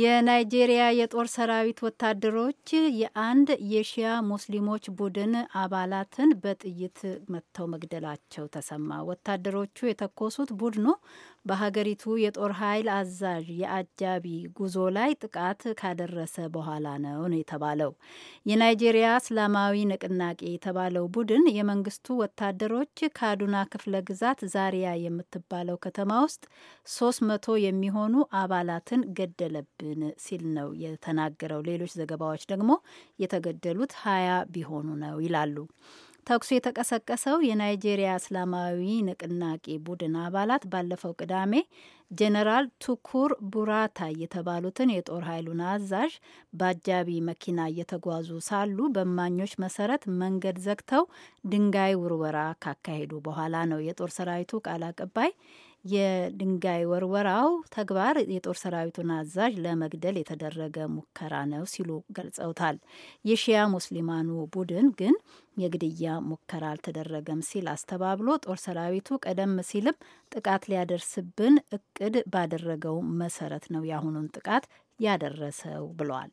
የናይጄሪያ የጦር ሰራዊት ወታደሮች የአንድ የሺያ ሙስሊሞች ቡድን አባላትን በጥይት መጥተው መግደላቸው ተሰማ። ወታደሮቹ የተኮሱት ቡድኑ በሀገሪቱ የጦር ኃይል አዛዥ የአጃቢ ጉዞ ላይ ጥቃት ካደረሰ በኋላ ነው ነው የተባለው። የናይጄሪያ እስላማዊ ንቅናቄ የተባለው ቡድን የመንግስቱ ወታደሮች ካዱና ክፍለ ግዛት ዛሪያ የምትባለው ከተማ ውስጥ ሶስት መቶ የሚሆኑ አባላትን ገደለ አለብን ሲል ነው የተናገረው። ሌሎች ዘገባዎች ደግሞ የተገደሉት ሀያ ቢሆኑ ነው ይላሉ። ተኩሱ የተቀሰቀሰው የናይጄሪያ እስላማዊ ንቅናቄ ቡድን አባላት ባለፈው ቅዳሜ ጄኔራል ቱኩር ቡራታ የተባሉትን የጦር ኃይሉን አዛዥ በአጃቢ መኪና እየተጓዙ ሳሉ በማኞች መሰረት መንገድ ዘግተው ድንጋይ ውርወራ ካካሄዱ በኋላ ነው። የጦር ሰራዊቱ ቃል አቀባይ የድንጋይ ወርወራው ተግባር የጦር ሰራዊቱን አዛዥ ለመግደል የተደረገ ሙከራ ነው ሲሉ ገልጸውታል። የሺያ ሙስሊማኑ ቡድን ግን የግድያ ሙከራ አልተደረገም ሲል አስተባብሎ ጦር ሰራዊቱ ቀደም ሲልም ጥቃት ሊያደርስብን እቅድ ባደረገው መሰረት ነው የአሁኑን ጥቃት ያደረሰው ብለዋል።